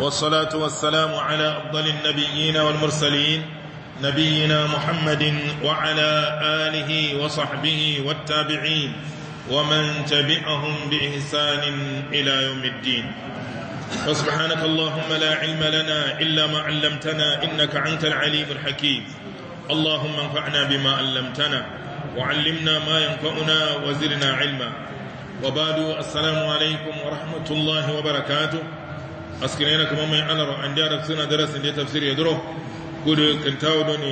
والصلاة والسلام على أفضل النبيين والمرسلين نبينا محمد وعلى آله وصحبه والتابعين ومن تبعهم بإحسان إلى يوم الدين فسبحانك اللهم لا علم لنا إلا ما علمتنا إنك أنت العليم الحكيم اللهم انفعنا بما علمتنا وعلمنا ما ينفعنا وزرنا علما وبعد السلام عليكم ورحمة الله وبركاته askinena kuma mai alar an da suna darasin da tafsir ya duro kudu kantawo don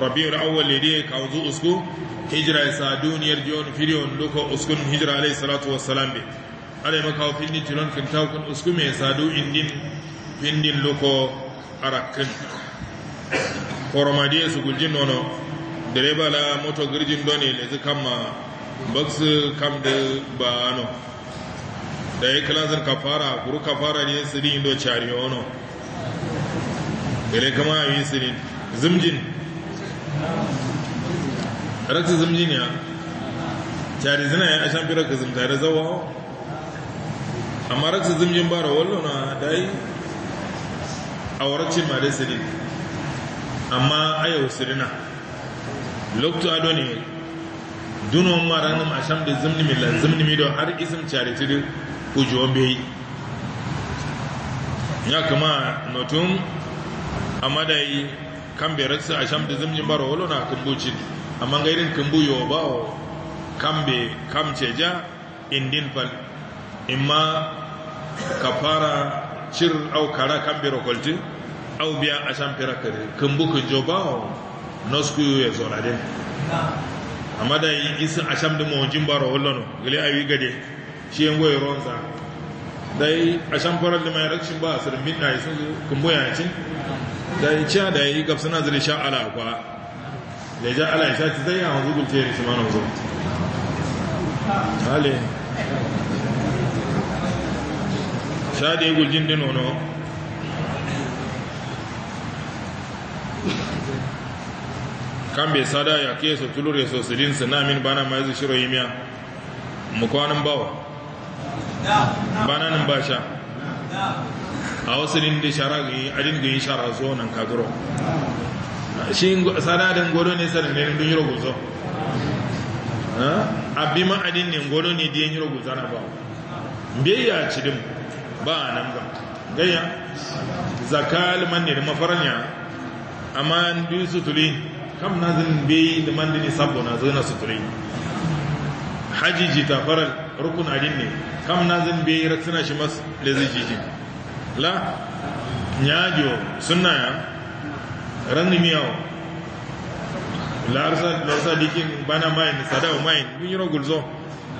rabiul awwal ya ka wuzu usku hijira ya sa duniyar jiyon filiyon duka uskun hijira alai salatu wassalam be yi makawo findin tilon kantawo kun usku mai sadu indin findin luko arakin koromadiyar su guljin nono direba la moto girjin doni ne su kama baksu kam da ba ano da ya kilasar kafara guru kafara ne siri indo cari ono gare kama yi siri zimjin raksa zimjin ya cari zina ya ashan fi raksa zimta da zawa amma raksa zimjin bara wallo na yi a waracin ma dai siri amma ayau sirina lokta ado ne dunon a shan da zimni mi lazimni mi do har isim tudu uji ombe ya kama notum amadai kambe raksa asham da zamjin baro wolo na kambuci amma gairin kambu yo bawo kambe kamce ja indin fal imma kafara cir au kara kambe rokolti au biya asham fira kare kambu kunjo bawo nosku yau zora den amma dai isa asham da mawajin baro wolo no gile ayi gade shi yin goyi ronza dai a shan farar da mai rakshin ba a sirin bin ɗaya sun kumbuya ya ce da yi ciya da yi na zai sha ala kwa da ya ja ala ya sha ci zai yawon zugul ce su mana zo hali sha da yi guljin din ono kan bai sada ya ke so tulur ya so na min bana mai zai shiro yi miya mukwanin bawa bananin basha ba sha a wasu din da shara adin din yi shara so nan kaguro shi sanadin goro ne ne don yi rogozo abin ma'adin ne goro ne da yin rogozo na ba ci cidin ba nan ba gaya zakal man ne da mafaranya amma dusu tuli kam na zin bai da man ne sabo na zina sutuli haji jita faral rukun adin ne kam na zan biya ira suna shi mas lezi jijin la nyajo sunna ya ranni miyawo la arsa la arsa dikin bana mayin sadaw mayin mun yiro gulzo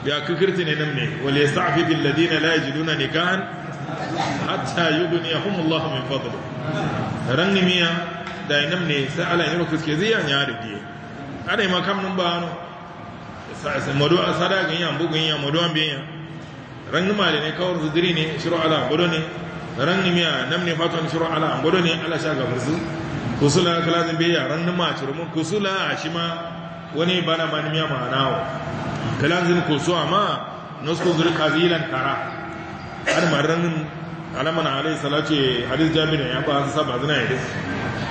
ya kikirti ne nan ne wal yasta'fi bil ladina la yajiduna nikahan hatta yughniyahum Allah mai fadli ranni miya da nan ne sai ala yiro kuske ziyan ya rubiye ada ma kam nun ba no modoa sada ginya bugunya modoa binya ran male ne kawar zudiri ne shiru ala godo ne ran miya nam ne fatan shiru ala godo ne ala sha ga furzu kusula kalazin biya ran ma shirmu kusula ashima wani bana man miya ma nawo kalazin kusuwa ma nusku zuri kazilan kara har marran alamana alai salatu hadis jami'a ya ba saba zina hadis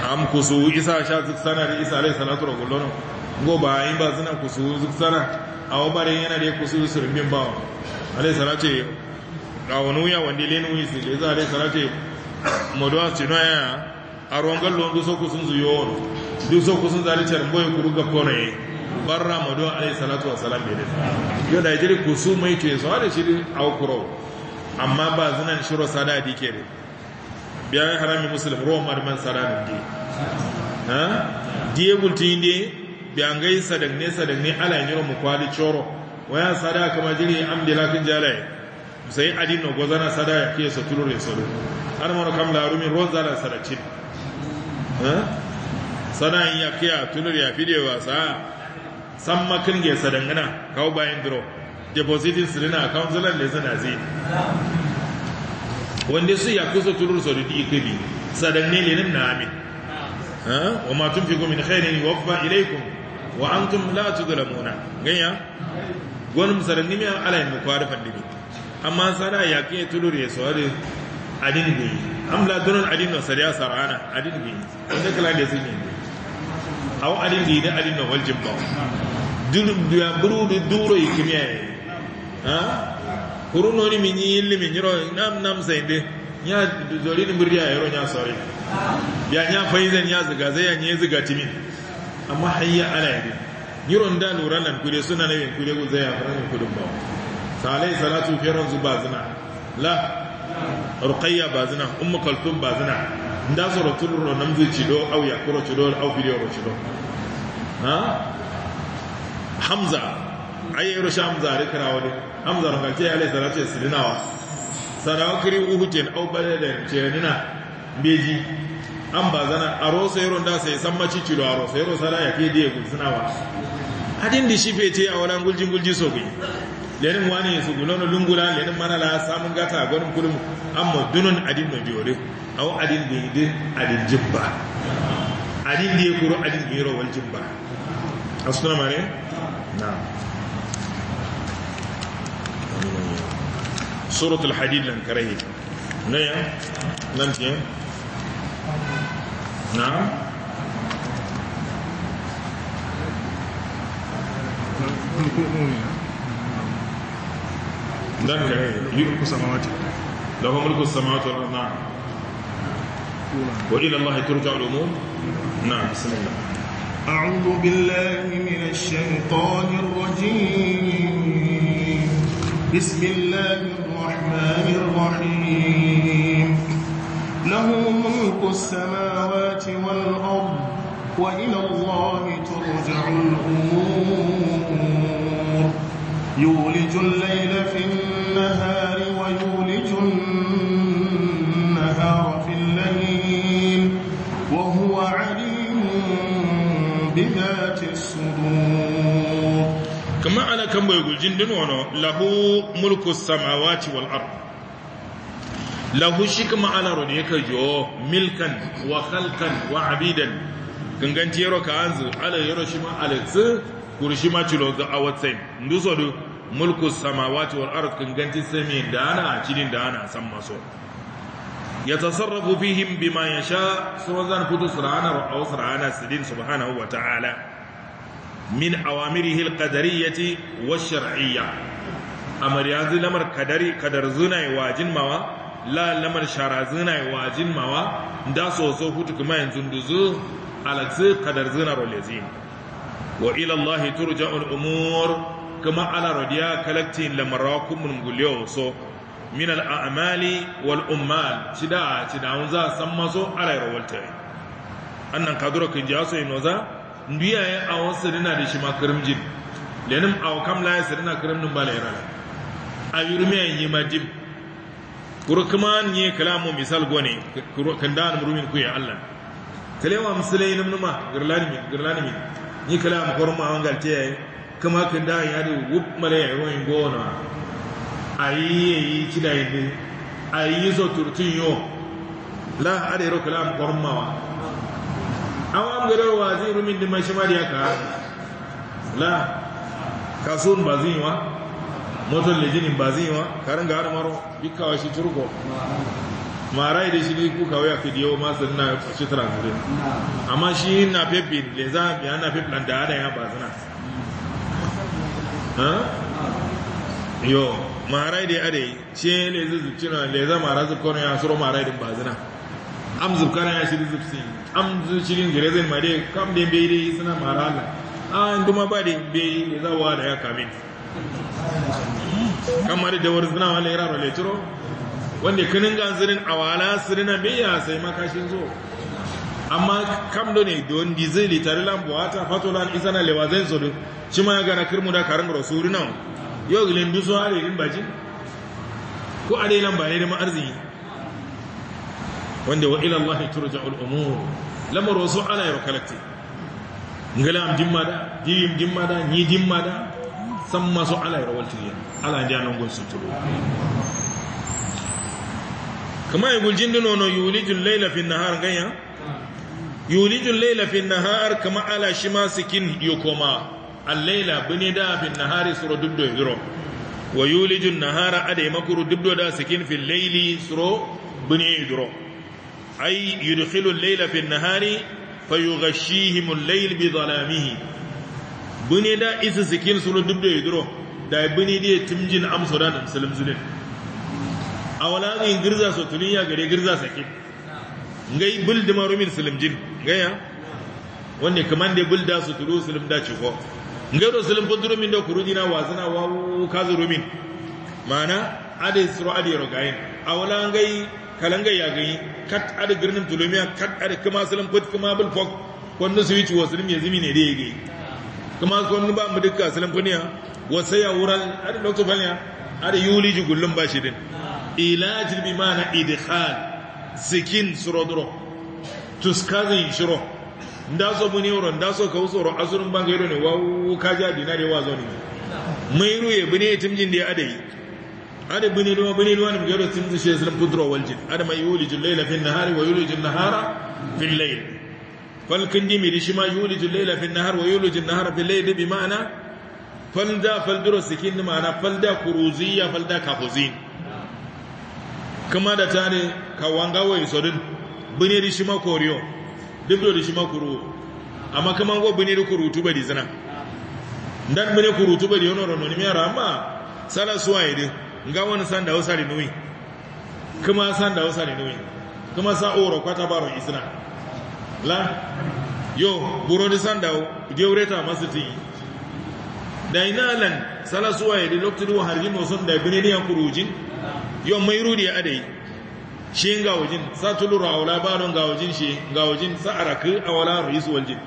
am kusu isa sha sana isa alayhi salatu wa gullano goba in ba suna kusuru zuksara a wabare yana da ya kusuru surbin ba alai sarace a wani wuya wanda ilai nuyi su da ya alai sarace maduwa su cino ya a ruwan gallon duso kusun su yawon duso kusun zari carin boye kuru ga kone ya barra maduwa alai salatu wa salam bai yau da jiri kusu mai tuye su hada shi a kuro amma ba zunan shiro sada di ke da biya harami musulun ruwan marman sada ne di diye bulti ne biangai sadangne sadangne ala nyiro mu kwali choro waya sada kama jiri amdi lakin jalaye sai adino gozana sada ya ke so tulure solo har mo kam la rumi roza la sada chin ha sada ya ke a tulure ya fide wasa Samma makin ge sadangana kawo bayan dro depositin sirina account zalan le zana zi wanda su ya kusa tulur so di ikibi sadanne le nan na amin ha wa ma tunfiqu min khairin yuwaffa ilaykum wa latu la tudlamuna ganya gonum nimi a alayin mu kwari fandini amma sara ya ke ya sore adin bi am la dunun adin da sariya sarana adin bi da kala da sun yi hau adin yi da adin da waljin ba dunum buru da duro yi ha Kuru ni mi yi yin ni ro nam nam de. ya zori ni murya yaro nya sore ya nya faizan ya zuga zai ya nye zuga timin amma hayya ala yare yiron da lura nan kure suna na yin kude guzai a farin kudin ba salai salatu firan zu ba zina la ruqayya ba zina ummu kaltum ba zina nda soro turro nam zu ci do au ya kuro ci do aw ro ci do ha hamza ayi ro hamza re kara wode hamza ro ngace alai salatu sirinawa sadawa kiri uhujen aw baladan ce beji ambazana arosero da sai sammaci cilo ya fi yake gudu suna wa adin da shi fete a wani gulji gulji so gai lenin wani su gulono lungula lenin mana la samun gata gwanin an amma dunun adin no a aw adin da yi adin jibba adin ya kuro adin da ro rawar jibba asuna mare na suratul hadid Na karahi ne ya nan ke نعم ذلك نعم. يملك السماوات له ملك السماوات والارض نعم والى الله ترجع الامور نعم بسم الله اعوذ بالله من الشيطان الرجيم بسم الله الرحمن الرحيم له ملك السماوات والأرض وإلى الله ترجع الأمور يولج الليل في النهار ويولج النهار في الليل وهو عليم بذات الصدور كما أنا كم يقول جندن له ملك السماوات والأرض lahu shikma ala rodi yaka jo milkan wa khalqan wa abidan ganganci yaro ka anzu ala yaro shi ma alatsu kurshi ma cilo ga awatsain nduso du mulku samawati wal ard ganganci sami da ana cidin da ana san maso yatasarrafu fihim bima yasha sawazan kutu surana wa aw sidin subhanahu wa ta'ala min awamirihi al qadariyyati wash shar'iyyah amar yanzu lamar kadari kadar zunai wajin mawa la lamar sharazina wa mawa da soso hutu kuma yanzu duzu alaksu kadar zina rolezi wa ilallahi turja turja'ul umur kuma ala rodiya kalakti lamarawa kumun guliyo so min al'amali wal ummal cida cida un za san maso ala rawalta annan kadura kin ja so inoza ndiyaye a wasu rina da shi ma kirimjin lenin a kam la ya sirina kirimnin bala rana a yurmiyan yi majib kurkuman ye kalamu misal gone kandan murumin ku ya Allah kalewa musulai nan numa girlani min girlani min ni kalamu korma angal kuma kan kandan ya du wup male yoyin gona ayi yi kida yi ayi zo turtin yo la are ro kalamu kurma wa awam garo waziru min dimashi mariya ka la kasun wa? motar lejinin ba zai ma karin ga maro bikawa shi turko marai da shi ne kuka waya fidiyo masu na shi transfer amma shi na pepe da za biya na pepe da hada ya ba zina yo marai da yi shi le zu na le za mara zu kono ya suro marai din ba zina am zubkana ya shi zu si am zu cikin zai ma dai kam da bai dai suna mara Allah an duma ba dai bai za wa da ya kamin kammari da wuri zina wani iraro le wanda kanin ganzirin a wala sirina biya sai makashin zo amma kam da ne don dizili tare lan buwata fatolan isana lewa zai zo duk shi ma ya gana kirmu da karin wuri nan yau gilin dusu hare in baji ko a dai lamba ne da ma'arziki wanda wa ila Allah turja ja umur lamar wasu ala ya kalakti ngalam dimma da dimma da ni dimma da san masu ala rawar tiriya ala ja nan gun suturo kama yi guljin dinono yulijin laila fi nahar ganyan yulijin laila fi nahar kama ala shi ma sikin yukoma allaila bini da fi nahari suro dubdo yiro wa yulijin nahara ada makuru dubdo da sikin fi laili suro bini yiro ai yudkhilul laila fi nahari fayughashihimul layl bi dhalamihi bini da zikin sikin duk da yidro da bini da timjin da sudan salim wala awala yin girza so ya gare girza sakin ngai bul da marumin salim jin gaya wanne kamar da bul da su turu salim da ciko ngai da salim kudru rumin da kuru jina wazana wawu kazu rumin mana ade suru ade rogayin wala ngai kalangai ya gani kat ade girnin tulumiya kat ade kuma salim put kuma bulfok fok wannan su yi ciwo salim ya zimi ne da ya gani kuma kun ba mu dukka salam kuniya wa sayawral ar lokto falya ar yuliji gullum bashi din ilaj bi mana idkhal sikin surodro tuskazin shiro nda so buni woro nda so kauso ro azurun banga yoro ne wawu kaja dinare wazo ne mai ruye bune timjin da adai ada bune ruwa bune ruwa ne mu gero timjin shi salam pudro waljin ada mai yuliji al-layla fi an-nahari wa yuliji an-nahara fi al-layl falkin gimi da shi ma yulijin laila fi nahar wa yulijin nahar fi laili bi ma'ana falda falduro sikin da ma'ana falda kuruziya falda kafuzin kuma da tare kawanga wa isodin bini da shi ma koriyo dubdo da shi ma kuru amma kuma go bini da kurutu ba di zina dan bini kurutu ba di yono rono ni mera amma sala suwa idin ga wani san da wasa da nuyi kuma san da wasa da nuyi kuma sa oro kwata baro isna la yo buroni sandaw gewreta masiti dainalan sala suwaye da lokacin wa harjin wasan da bine niyan kurujin yo mai rudi dai shi gawajin sa tulura awla ba, ga gawajin shi ga wajin sa araku awla su waljin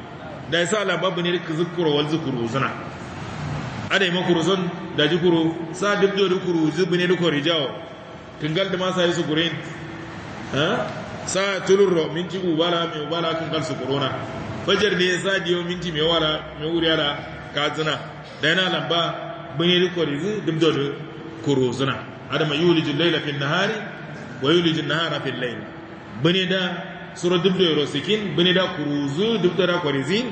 da ya sa babu ne rikki zikuru wal zikuru sana adai makuruzun da jikuru sa dubdo da kuru zubne da jawo tingal da ma yi su gurin satulurro minti ubala mai ubala kan kalsu corona fajar ne sa diyo minti mai wala mai uriyala kazina da yana lamba bane da korizu dimdo da korozuna adama jin laila fil nahari wa jin nahara fin lail bane da sura dimdo sikin bane da kuruzu dimdo da korizin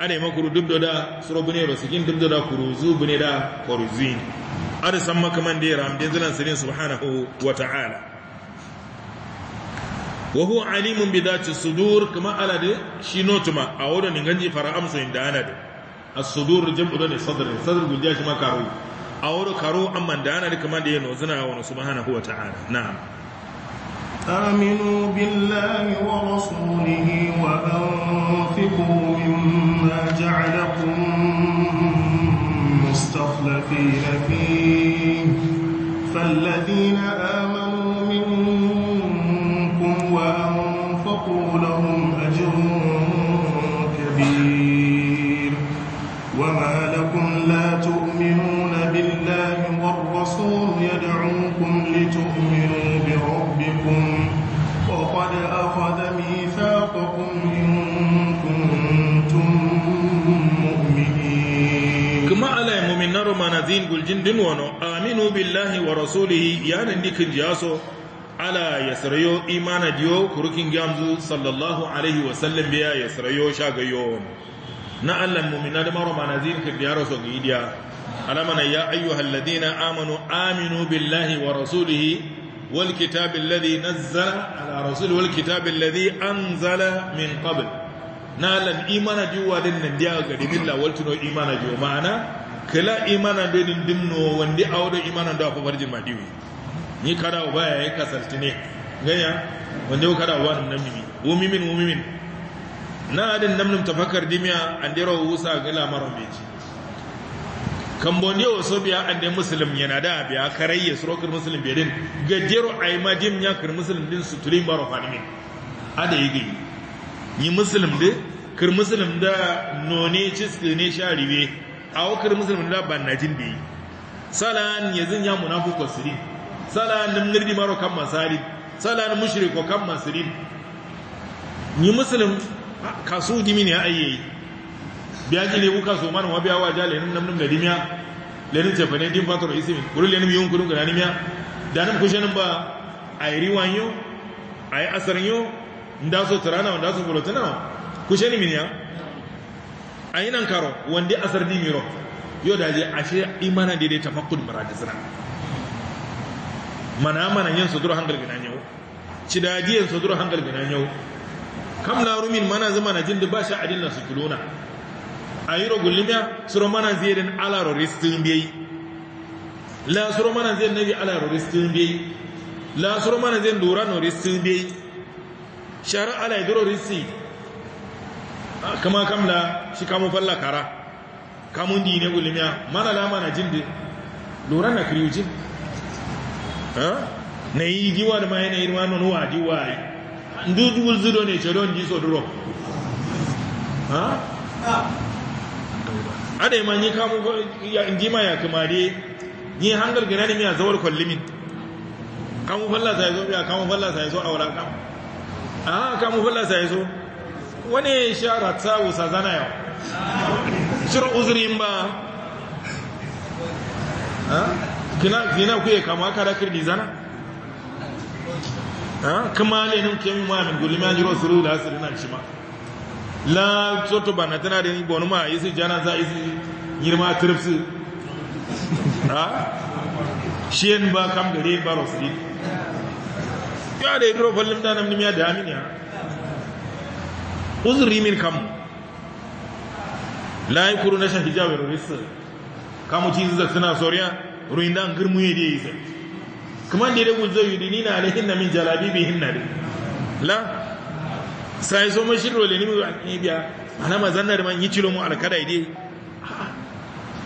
ada ma kuru dimdo da sura bane sikin dimdo da kuruzu bane da korizin ada san makaman da ya ramdin zilan sirin subhanahu wa ta'ala wa huwa alimun bi dhati sudur kama ala de shi notuma a wurin ganji fara amsu inda ana de as-sudur jam'u ne sadr sadr gudiya shi ma karo a wurin karo amma da ana de kama da yano zana wa subhanahu wa ta'ala na'am آمنوا بالله ورسوله وأنفقوا مما جعلكم مستخلفين فيه فالذين آمنوا منكم azin guljin din wano aminu billahi wa rasulihi yanan dikin jaso ala yasrayo imana diyo kurukin sallallahu alaihi wa sallam biya yasrayo shagayo na allan mu'mina da maro manazin kin biya raso gidiya alamana ya ayyuhal ladina amanu aminu billahi wa rasulihi والكتاب الذي نزل على رسول والكتاب الذي أنزل من قبل نالا إيمان جوا دين نديا قدم الله والتنو إيمان جوا kala imana da din dimno wanda a wadda imanan da fabar diwi ni kada wa baya ya kasarci ne ganya wanda yau kada wa nan mimi umimin umimin na adin namnum tafakar dimiya an wa wusa ga lamarin beji cambodia wasu biya an dai musulun yana da biya karayya surokar musulun biya din gajero a yi madim ya kar musulun din su tulin baro fanimin a da yi gayi yi musulun da kar musulun da none ciski ne sha ribe awakar muslim da na najin da yi salan yazin ya munafiqu sirin salan nim nirdi maro kan masari salan mushriku kan masrin ni musulun kasu dimi ne yi biya ji lebu kaso man wa biya wa jale nan nim da dimiya lenin ce fane din fatar ismi kuru lenin yun kurun da nan kushe nan ba ay riwanyo ay asarnyo ndaso tarana ndaso bulotana kushenin miniya ayinan karo wonde asardi miro yodaji ashe imana ta tafakkud marade sira mana mana yen sodoro hangal gina nyaw cidaji yen sodoro hangal gina yau kam na rumin mana zama na jindu ba sha adilla su kuluna ayiro gullimiya suro mana ziyarin alaro ristin biyi la suro mana ziyarin nabi alaro ristin biyi la suro mana ziyarin lura no ristin biyi shara ala idoro ristin kama kamla shi kamun falla kara kamun di ne gulmiya mana lama na jin da lura na kriyujin na yi giwa da mayan yi wani nuwa diwa yi Ndu zido ne cedon ji so duro da yi manyi kamun ya ingima ya kamare ni hangar gina ne miya zawar kwallimin kamun falla sai zo biya kamun falla sai zo a wura kamun a kamun falla sai zo wane wusa zana yau shir uzurin ba kina zina kuye kama kada kirdi zana kuma ne nun kemi ma min gudu an jiro suru da asiri nan shi ma la soto na tana da ni bonu ma isi jana za isi girma turfsi shiyan ba kam gare baro siri ya da idro fallim da nan nimiya da aminiya uzuri min kam la kuru na shafi jawar risa kamu ci zizar suna sauriya ruinda da an girmu ya da kuma da ya dagun zai yi nina alaihin min jalabi bai hinna la sai so mai shirro ni mu ne biya ana mazanna da man yi cilo mu alkada ide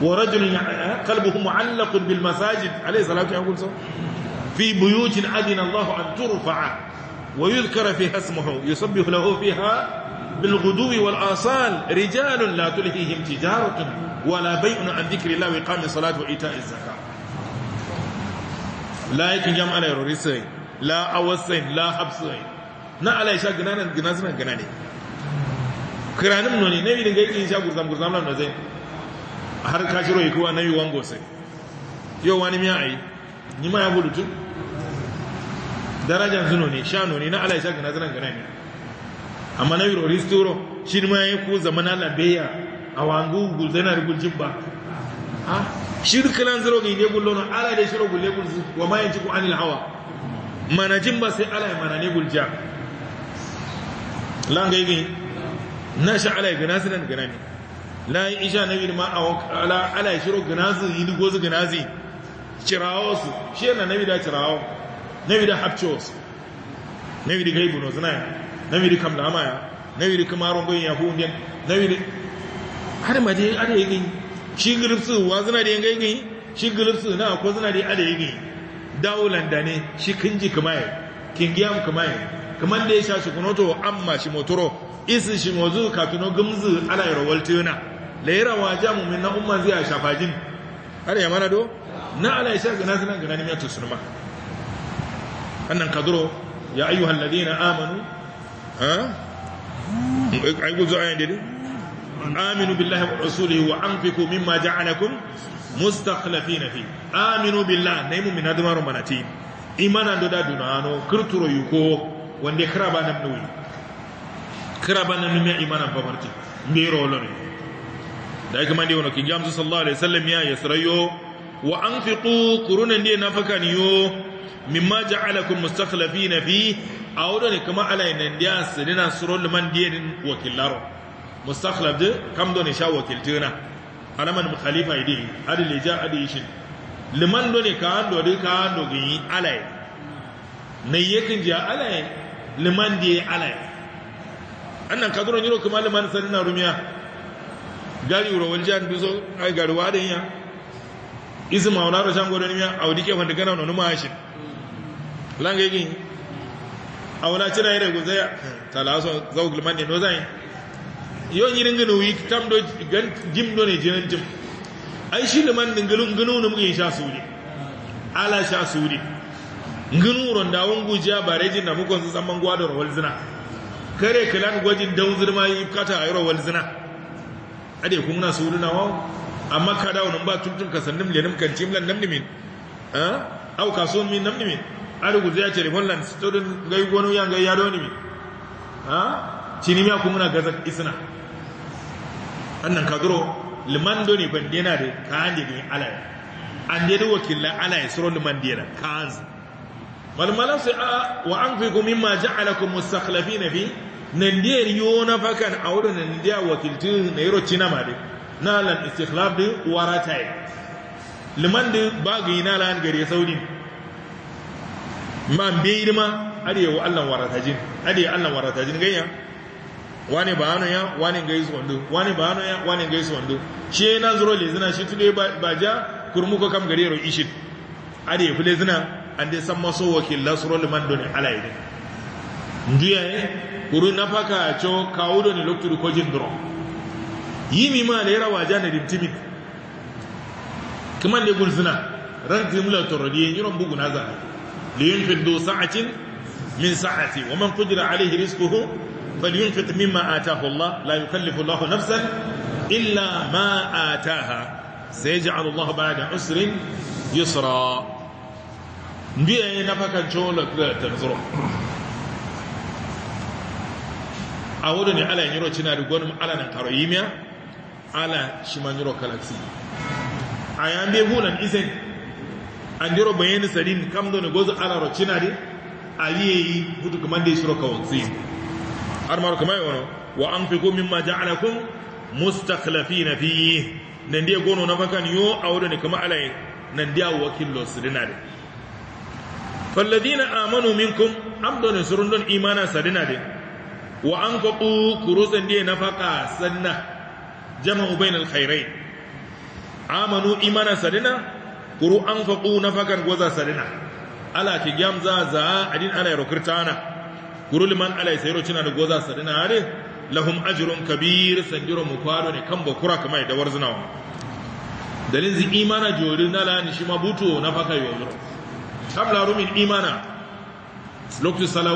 wa rajul qalbuhu mu'allaq bil masajid alayhi salatu wa gulso fi buyutin adina Allah an turfa ويذكر فيها اسمه ismuhu له فيها بالغدو والآصال رجال لا تلهيهم تجارة ولا بيع عن ذكر الله وإقام الصلاة وإيتاء الزكاة لا يكن جمع على رسين لا أوسين لا حبسين na ala isha gina nan gina suna gina ne kiranin nuni na bilin gaikin isha gurzam gurzam nan da har ka shiro na yi wango yau wani miya ayi ni ma ya sha na gina ne amma na yiro ristoro shi ma ya ku zamana labeya a wangu gulzana rigulcin ba shi kan zaro ga ide gullo na ala da shiro gulle gulzu wa ma yanci ku anil hawa manajin ba sai ala ya ne gulja lan ga yi na sha ala ya gana sinan gana ne la yi isha na yi ma ala ala ya shiro gana su yi dugo su cirawo su shi yana nabi da cirawo nabi da hapcho su nabi da gaibu no suna wiri kam lamaya nawiri kamaro goyin ya na wiri har maje ada yigin shi gulubsu wa zina da yanga yigin shi gulubsu na ko zina da ada yigin dawo ne shi kinji kamaye kingiyam kamaye kamar da ya sha shi kunoto amma shi motoro isi shi mozu katuno gumzu ala yarawal tuna layira wa jamu min na umman zai shafajin har ya mana do na ala ya sha gana zina gana ne ya tusurma annan kaduro ya ayyuhan ladina amanu ai guzo ayan dai aminu billahi wa rasulihi wa anfiqu mimma ja'alakum na fi aminu billahi nay mu'mina da maru manati imana do na dunano kirturo yi yuko wanda kraba nam no kraba nam me imana babarti mbiro lori da kuma dai wannan kin jamsu sallallahu alaihi wasallam ya yasrayo wa anfiqu quruna ne yo. mimma ja'alakum na fi awdo ne kuma ala india sirina surul man diyenin wakilaro mustakhlif de kam doni ne sha wakiltina alaman khalifa idi adi le ja adi shin liman do ne ka ando de ka ando gi ala ne yekin ja ala liman diye ala annan kaduro nyiro kuma liman sanina rumiya gari wuro waljan biso ai gari wadanya yiya izma wala rashan godon miya awdike wanda gana no numashin langegi awna cina ire go zaya talaso zawgul manni no zai yo nyirin gnu wi kam do gan gim do ne jinan tim ai shi liman ngulu ngulu no mu sha suri ala sha suri ngulu ron da wangu ja bareji na mukon su zaman gwa da rawal kare kilan gwajin daun zirma yi kata a rawal zina ade kun na suri na wawo amma ka dawo nan ba tuntun ka sannim lenim kan timlan namnimin eh au kaso min namnimin aruguze ya chere holland student gai gonu ya gai yado ni mi ha chini mi akumuna gaza isna annan kadro liman do ni bandena de kaande ni ala ande do wakilla ala suro liman dira kaanz wal a wa anfiqu mimma ja'alakum na fi nandiyar yona fakan a wurin nandiya wakiltin na yaro cina ma mare na lan istikhlaf yi. waratai liman de bagi na lan gare saudi ma beir ma ariya wa Allah waratajin ariya Allah waratajin ganya wani ba hannun ya wani ga yisu wando wani ba hannun ya wani ga yisu wando shi na zuro lezina shi tule ba ja kurmuka kam gare ro ishit ariya fi lezina an dai san maso wakil lasuro suro liman doni alayi ne ya kuru na faka co kawudo doni loktu ko yi yimi ma le rawa na dimtimit kuma ne gulzina ran zimla torodi yiron bugu na zane لينفق لينفقوا سعة من ساعتي ومن قدر عليه رزقه فلينفق مما آتاه الله لا يكلف الله نفسا إلا ما آتاها سيجعل الله بعد عسر يسرا نبيه نفاك جولة تنظر أولني على نيرو تنالي قولهم على نقر إيميا على شما نيرو كالاكسي أيام بيبولا إذن jiro bayani sarin kamdo ne gozo ala rochina de aliyeyi hutu ya shiro kawansi har maru yi wano wa an kun mustaklafi na fi yi nan dia gono na fakan yo awdo ne kama alayin nan dia wakillo sirina de falladhina amanu am amdo ne surun don imana sadina de wa an anfaqu kurusan na faka sanna jama'u bainal khairain amanu imana sadina kuru na fakar goza sarina ala ki gyamza, za a adin ala yarkurtana kuru liman ala yasiro cina da goza sarina are lahum ajirun kabir sanjiro kwado ne kan bakura kamar da warzinawa dalin zi imana jori nala ni shi mabuto nafaka yozo tabla rumin imana lokacin sala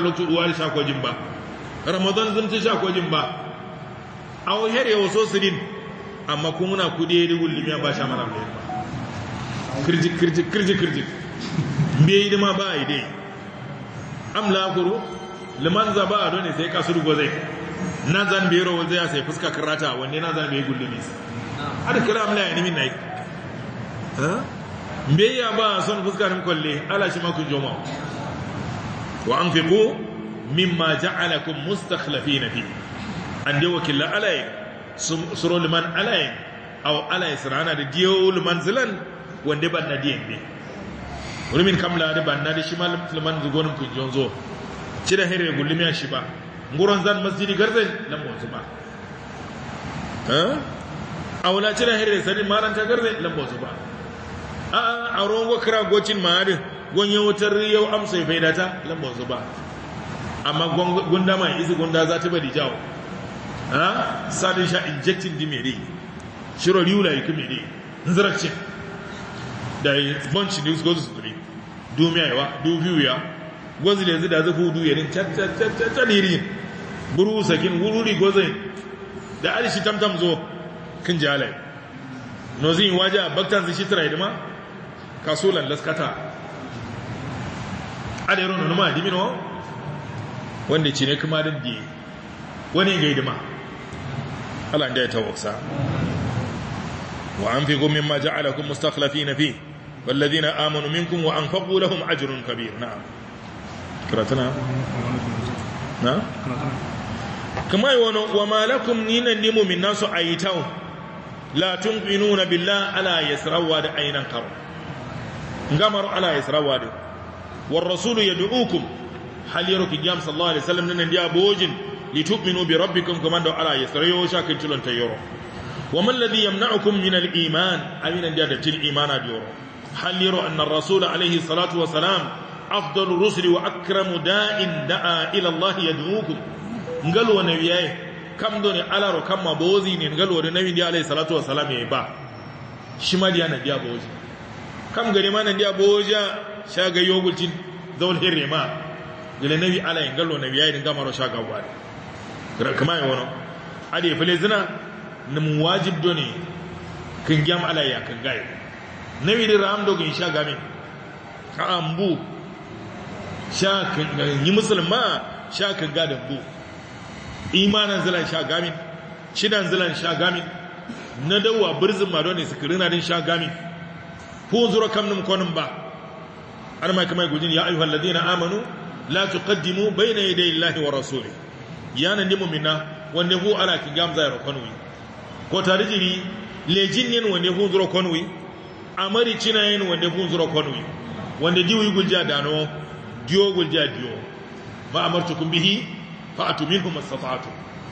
lokacin da shakwajin ba ramadan zumci shakwajin ba a wahiyar yawon sosirin amma kuma na kudi ya rigun limiyan ba sha mana mai ba kirjik kirjik kirjik kirjik bai da ba yi dai am lakuru liman za ba ne sai kasu rugo zai na zan bai rawar zai sai fuska karata wanne na zan bai gullumi har kira am ya nimin na yi bai ya ba son fuska rin kwalle ala shi makon joma wa an fi ko mimma ja'alakum na fi an dai ala alayin suro liman alayin aw alayin sirana da diyo liman zilan wonde banna diyan ne wani min kam laade bannade shimal filman zugonin kujon zo cida here shi ba. nguron zan masjidi garzai nan bautu ba a wula cida hirar sani maranta garzai nan bautu ba a a ruwan gwakira gocin ma'adin gwanye wutar yau amsa ya faidata nan bautu ba amma gunda mai izi gunda za ta bari jawo sadin sha injectin dimere shirar shiro yi kuma Nzirar da bunch ne go su turi du yawa wa du biyu ya gozi le zida zu hudu yerin tattattattaliri buru sakin wururi gozin da alishi tamtam zo kan jalai no waje a baktan zai shitra idima kasulan laskata adero no ma dimino wanda ci ne kuma dindi wani ga idima ala da ya tawaksa wa an fi anfiqu mimma mustaklafi na fi? والذين آمنوا منكم وأنفقوا لهم أجر كبير نعم كراتنا نعم كما يقولون وما لكم نين النمو من ناس أيتو لا تنقنون بالله على يسروا أين قروا نقمروا على يسروا والرسول يدعوكم هل يروك جام صلى الله عليه وسلم لنا دي أبوجن لتؤمنوا بربكم كما دعوا على يسروا وشاكل تلون تيورو وما الذي يمنعكم من الإيمان أمين دي أدتل إيمان بيورو هل يرى أن الرسول عليه الصلاة والسلام أفضل الرسل وأكرم داء دعا إلى الله يدعوكم نقلوا نبيائه كم دوني على ركم بوزي نقلوا نبي عليه الصلاة والسلام يبا شما ديانا ديا بوزي كم قريمانا ديا بوزي شاق يوغلتين ذو الهرما قال النبي عليه نقلوا نبيائه نقامروا شاق أبوالي كما يوانا أدي فلزنا نمواجب دوني كنجام عليها كنجايه nawiri ramdo ga sha gami ka ambu sha kan yi musulma sha kan da bu imanan zalan sha gamin shidan zalan sha gamin na dawa birzin ma don su kirina din sha gamin ko zura kamnin nim konin ba an mai kamar gujin ya ayyuhal ladina amanu la tuqaddimu bayna yaday illahi wa rasuli yana ni mu'mina wanne hu ala ki gamza ya konwi ko tarijiri lejin ne wanne hu zura konwi amari china wanda wande zura kwanwi wande diwi gulja dano diyo gulja diyo marta kun bihi kuma safatu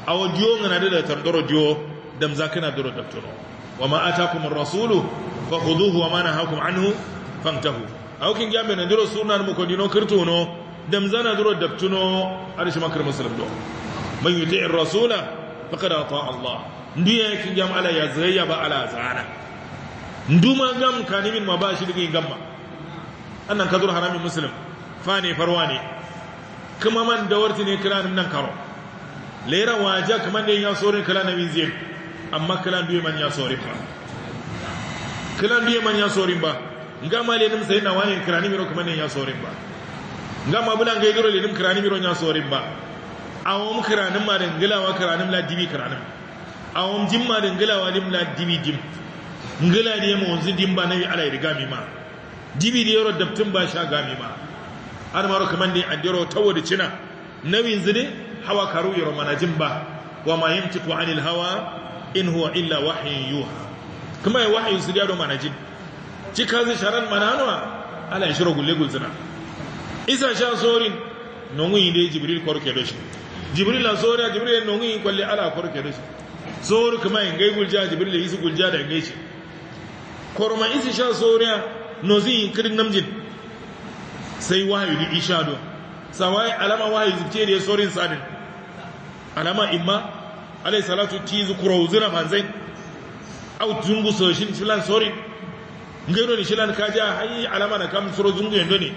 A wa diyo ngana da tandoro diyo dam zakana doro daftoro wama atakum ar-rasulu fakhudhuhu wama nahakum anhu fantahu aw kin gambe na doro sunan mu ko dino kirtuno dam zana doro daftuno arishi makar musulun do man yuti'ir rasula faqad ata Allah ndiye kin gam ala ya zayya ba ala zana nduma gam kanimin ma ba shi digi gamma annan kadur harami muslim fani farwani kuma man dawarti ne kiran nan karo lera waja kuma ne ya sore kiran na zai amma kiran biye man ya sore ba kiran biye man ya sore ba ngama le nim sai na wani kirani miro kuma ne ya sore ba ngama bulan ga yiro le nim kirani miro ya sore ba awom kiranin ma dangila wa kiranin la dibi kiranin awom jimma dangila wa lim la dibi dim ngila ne mo onzi dimba nabi ala riga gami ma dibi ne ro daftin ba sha gami ma har maro kaman ne addiro tawo da cina nabi zini hawa karu yaro mana jimba wa ma yamtiku anil hawa in huwa illa wahyi yuha kuma ya wahyi su gado mana jin cika zai sharan mana hanwa ala ya shiro gulle gulzina isa sha sorin nongun ne jibril korke da shi jibril la soriya jibril nongun kwalle ala korke da shi sor kuma in gai gulja jibril ya yi su gulja da gaishe koroma isi sha soria yi kirin namjin sai wahayu di do. sawai alama wahayu zikce da sorin sadin alama imma alai salatu tizu kurawzira manzai au zungu saurin. filan sorin ngero ni shilan kaja hayi alama na kam suro zungu yendo ne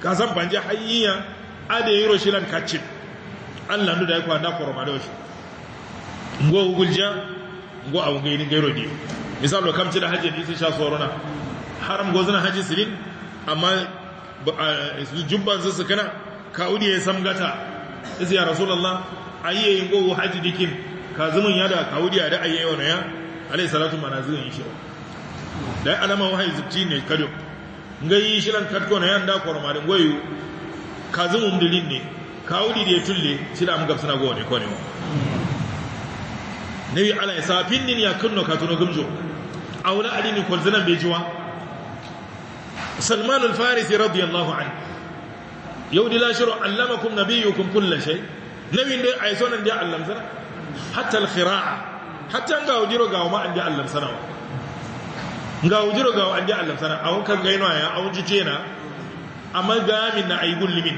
ka san banje hayiya ade yiro shilan kacin Allah ndu da yakwa na koroma shi. ngo gulja ngo awungaini ngero diyo kam ci da hajji isi sha tsorona haram gozuna hajji silin amma jumban su su kana kawudi ya samgata isi ya rasulallah ayye yin gogo hajji dikin kazumin ya da kawudi ya da ayye wani ya alai salatu mana zai yi shiro. da ya alama wahayi zubci ne kado nga yi shiran katko na yan da kwarmarin goyo kazumin dilin ne kawudi da ya tulle shi da amgab suna gowa ne kone ma nabi ala isa din ya kunno katuno gumjo awla ali ne kolzanan bai jiwa salman al-farisi radiyallahu anhu. yau dila shiru allamakum nabiyukum kullu shay nawin dai ay sonan dai allam sana hatta al-khira'a hatta ga wajiro ga ma an dai allam sana ga wajiro ga an dai allam sana awon kan gaino ya awon jijena amma ga min na ay gullimin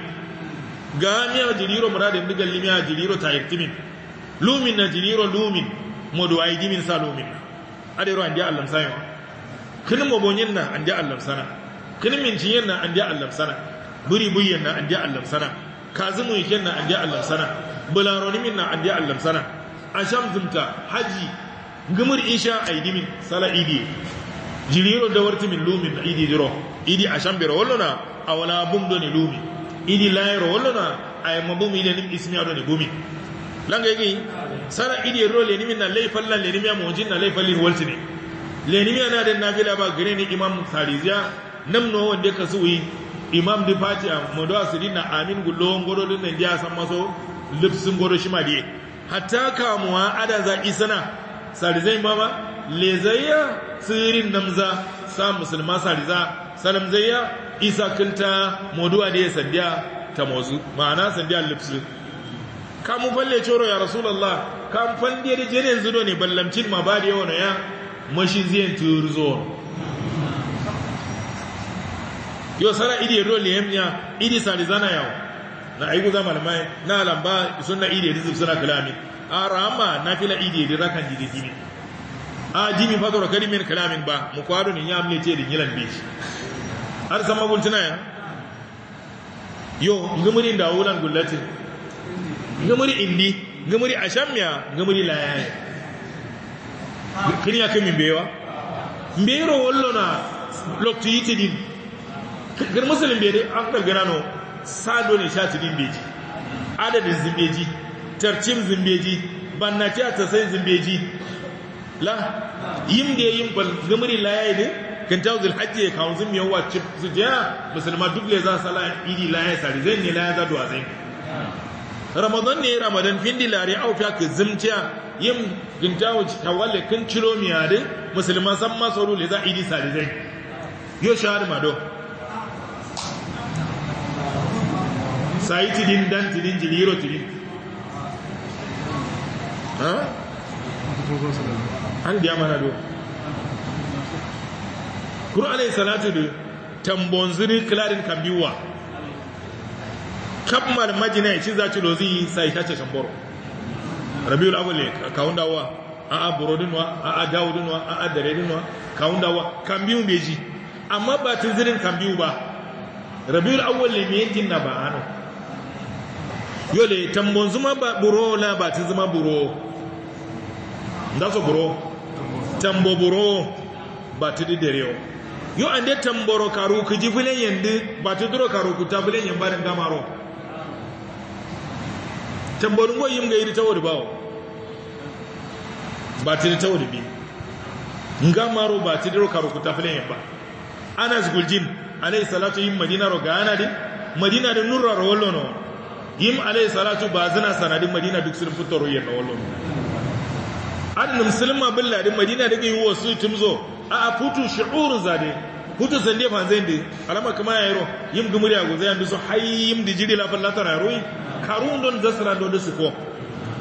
ga mi a jiriro muradin diga limi a jiriro tayyib timin lumin na jiriro lumin modu ay dimin salumin adero an dia allam sayo kin mo bonyen na an dia allam sana kin min jiyen na an dia allam sana buri buyen na an dia allam sana kazimu yiken na an dia allam sana bularoni min na an dia allam sana asham zumta haji gumur isha aidimin sala idi jiliro da warti min lumin idi jiro idi asham biro wallona awala bum do ni lumi idi layro wallona ay mabum ile nim ismi ado ni bumi langa yi sara idi ro lenimi na laifal la lenimi mo jin na laifal lin waltine lenimi na da nafila ba gare ni imam sariziya nam no wanda ka suwi imam di fati mo do su na amin gullo ngoro din nan ya san maso lipsin goro shi ma die hatta kamuwa ada za isana sarizai mama lezayya tsirin namza sa musulma sariza salam zayya isa kinta moduwa da ya sandiya ta mozu ma'ana sandiya lipsin kamu falle coro ya rasulallah kamun falle da jenen zudo ne ballamcin ma ba da yawon ya mashi ziyan zuwa yau sana idiyar ro ne miya idi sari zana yawo na zama da mai na lamba na idiyar da suna kalami na fila idiyar da rakan jidi jini a jimi da karimin kalamin ba mu kwado ne ya amle da yilan bishi har sama guntuna ya yo ngumurin da wulan gullatin gamari indi gamuri ashamya gamari layaye kini yakemi bewa mbero wollona lokto yite ɗin ger musulum mbiyede garano sado ne sha ɗin beji adadin zimbeji tartim zimbeji bannati a tasai zimbeji la yim da yi bal gamari layaye ne kan tawzil hajji ya kawo zimbiyan wa su jiya musulma duk le za su laye iri laye sari zai ne laye za duwa zai ramadan ne ramadan findi lare au fiya ka zimtiya yin gintawo tawalle kin ciro miyadin musulman san masaru le za idi zai yo shahar mado sai din dan tidin jiliro din ha an diya mana do Kur'an salatu tambon zuri kladin kambiwa kammar majina ci za ci lozi sai ta ce shamboro rabiul awwal kawun dawa a a burodin wa a a dawudin wa a a daredin wa kawun dawa kambiyu ji, amma ba tun zirin kambiyu ba rabiul awwal mai yankin na ba nan yole tambon zuma ba buro na ba tun zuma buro ndaso buro tambo buro ba dare yau an ande tamboro karu ku jibulen yande ba duro karu ku tabulen yan barin gamaro tambarin goyim ga yiri tawar bawa ba ta da tawar bi nga maro ba ta da roka roku ta filin ba anas guljin alayhi salatu yin madina roga ana din madina da nurra rawallo no yin alayhi salatu ba zina sanadin madina duk sun fitar royar rawallo no adin musulma billa din madina da yi wasu tumzo a futu shi'urun zade futu sande fanzai din alama kuma ro yin gumuri a gozai an lafin latar a yaro yi harun don zasra su da suko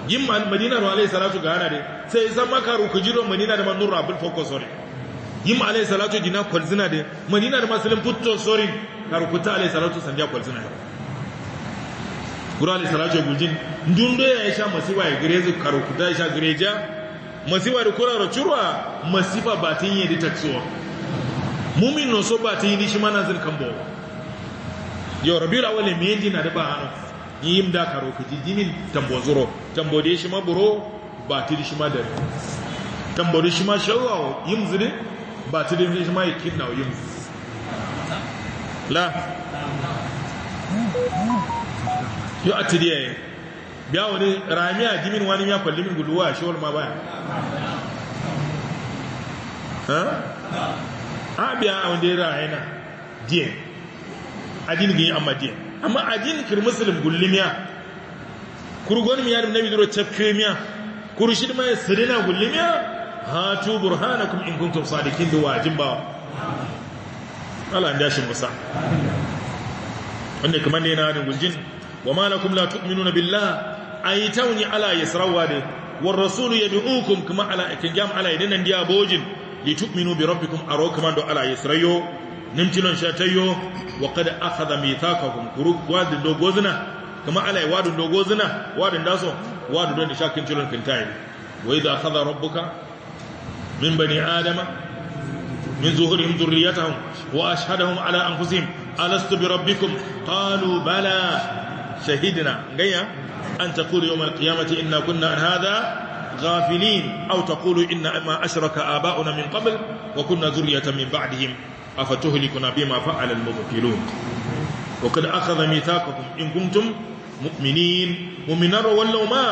yin madina ro alai salatu ga hana de sai san makaru ku jiro madina da manur rabul foko sori yin alai salatu dina kwalzina de madina da muslim putto sori na rukuta alayhi salatu sanja kwalzina de gura alai salatu gujin dundo ya isha masiwa ya grezu karu ya sha greja masiwa da kura ro churwa masifa batin da taksuwa mumin no so batin yedi shimana zil kambo yo rabiul awwal me yedi na da ba hanu da karo kijijimin Tambo tambode shi ma buro ba tiri shi ma dare tambode shi ma shawawo yimzu ne ba tiri shi ma yakin na yin. la yo ya yi. biya wani rami a jimin wani ya kwalli min guduwa shi wani ma baya ha biya a wanda ya ra'ayina diye a gini amma diye amma adin kir muslim gullimiya kurgon da nabi duro chapkemiya kurshid ma sirina gullimiya tu burhanakum in kuntum sadikin da wajin ba Allah an shi musa wanda kuma ne na da gunjin wa malakum la tu'minuna billah aytawni ala yasrawa de war rasul yad'ukum kama ala ikin jam ala idan diya bojin li tu'minu bi rabbikum aro do ala yasrayo Nin nimtilon shatayyo wa kada aka akhadha mithaqakum kuruk wadin dogozna kama ala wadin dogozna wadin daso wadin don shakin tilon kintai wa idha akhadha rabbuka min bani adama min zuhurihim dhurriyyatahum wa ashhadahum ala an kusim? alastu bi rabbikum qalu bala shahidna gaya an taqulu yawm alqiyamati inna kunna an gafilin? hadha غافلين أو تقولوا إن ما أشرك آباؤنا من قبل وكنا ذرية من بعدهم afatuhlikuna bima fa'ala al-mubtilun wa qad akhadha mithaqakum in kuntum mu'minin mu'minaro wallau ma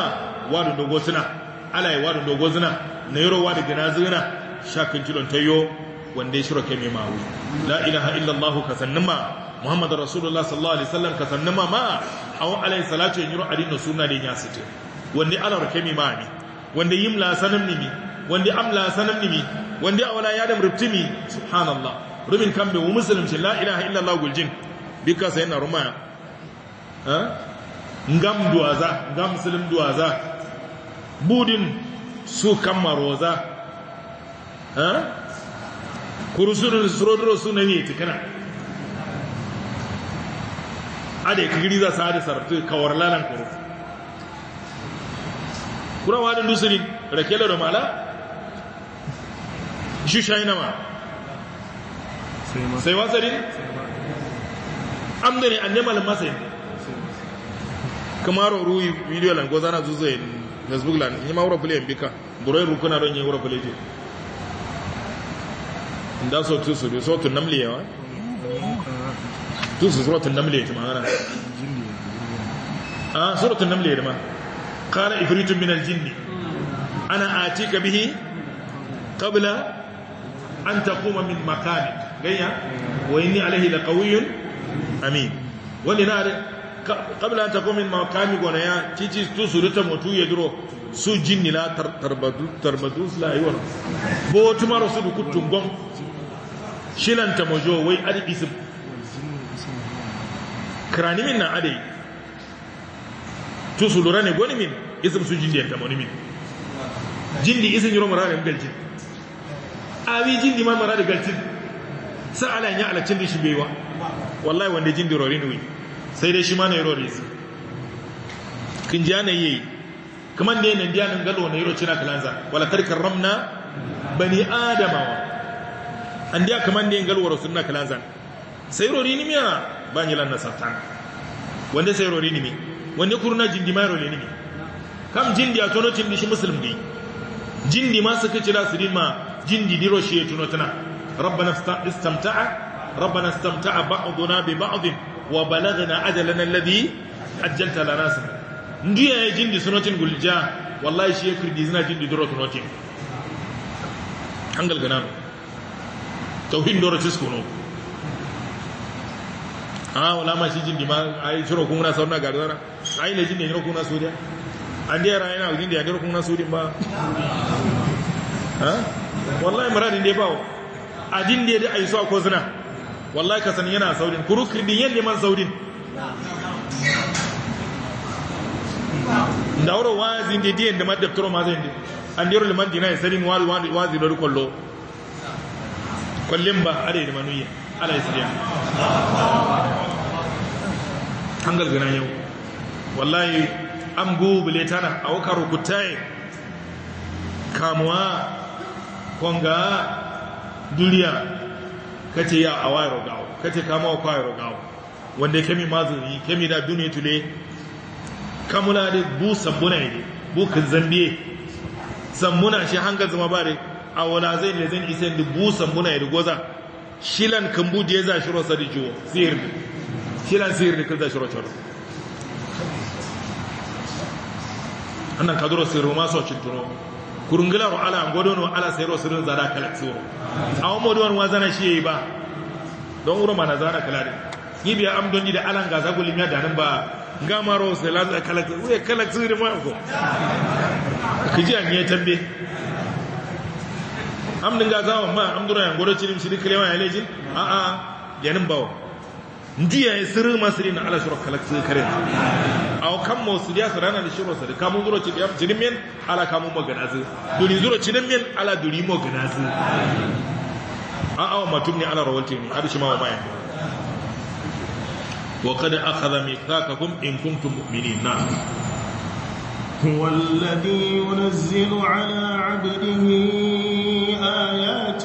wadu dogo suna alai wadu dogo suna na yaro wadu gina zina shakin jilon tayo wanda ya shirka mai mawu la ilaha illa allah ka sannama muhammad rasulullah sallallahu alaihi wasallam ka sannama ma aw alai salatu yin yaro adin sunna da yasite wanda ala rake mai mami wanda yimla sanam nimi wanda amla sanam nimi wanda awala yadam rubtimi subhanallah rumin kambe mu musulunci la ilaha illallah guljin bika sai na rumaya ngam duwaza ngam muslim duwaza budin su kamaroza kurusurin surodoro su ne ne tukana a da ya kagiri za su hada sarrafa kawar lalan kuru kurawa da dusuri rakela da mala shi shayi na ma sai wasari amdani annemal masai kamaro ruwi video lango zana zuzo en facebook lan yima wura fule en bika buroi rukuna don yin wura fule je nda so tu su so tu namli yawa tu su so tu namli a ah, so tu namle namli ma qala ifritun min ana a ana ka bihi qabla an taquma min makanik gayya wa inni alaihi laqawiyyun amin wani na qabla an takun min maqami gona ya titi tu suruta mutu ya duro su jinni la tarbadu tarbadu la yawan bo tuma rasulu kutun gon shilan ta mojo wai adi isib krani min na adi tu sulura ne goni min isim su jinni ta moni min jinni isin yiro marare galti awi jinni ma marare galti sa ala ya ala cindi shi baiwa wallahi wanda jindi rori ne sai dai shi ma na rori sai kin ji ana yi kaman ne nan dianin galo na yiro cina kalanza wala tarkar ramna bani adama wa an dia kaman ne galo wa sunna kalanza sai rori ni miya ban yi lanna satan wanda sai rori ni mi wanda kuruna jindi ma rori ni mi kam jindi a tono cindi shi musulmi jindi ma suka cira su ma jindi diro shi ya tuno tana ربنا استمتع ربنا استمتع بعضنا ببعض وبلغنا أجلنا الذي أجلت لنا سنة ndi ya jindi sunotin gulja wallahi shi ya kirdi zina jindi duro sunotin hangal gana tauhin doro cisko no wala ma shi jindi ma ai shiro kun na sauna ga dara ai ne ne kun na sodiya an dia ra ina jindi ya duro ba adin da ya da su a kozina wallahi ka sani yana saurin kuru din yadda man saurin da wuro wazin da diyan da madda turo mazin da an dero liman dina ya sarin wazin da lo kwallon ba a yi manuyi ala isriya an galgana yau wallahi an gubule tana a wakar rukutaye kamuwa kwanga duliyara kace ya awai gawo kace kama wa kwai gawo wanda kemi mazuri kemi da duniya tule kamuna da bu sambuna ne bu kan zambiye sambuna shi hanga zama bare a wala zai ne zan isa da bu sambuna ya goza shilan kambu je za shiro sadijo sihir shilan sihir da kaza shiro charo annan kaduro sirru ma so tuno kurungilaro ala godono ala sero sirrin zada kala tsoro awon moduwan wazana shi yayi ba don uro mana zada kalade ah, ah. ni biya am don da alan gaza gulim da danin ba gamaro sai la kala kalatsu ya kalatsu da ma ko kiji an yi tambe am din gaza ma am duran godo cilim shi diklewa ya lejin a a yanin bawo ndiya e sir masri na ala shuruk kalak sir kare aw kam mo su ya sarana ni shuruk sir kamu zuro ci biyar jinin men ala kamun magana zu duri zuro ci men ala duri mo gana zu a aw matum ni ala rawalti ni hadu shima wa bayan wa qad akhadha mithaqakum in kuntum mu'minin na هو الذي ينزل على عبده آيات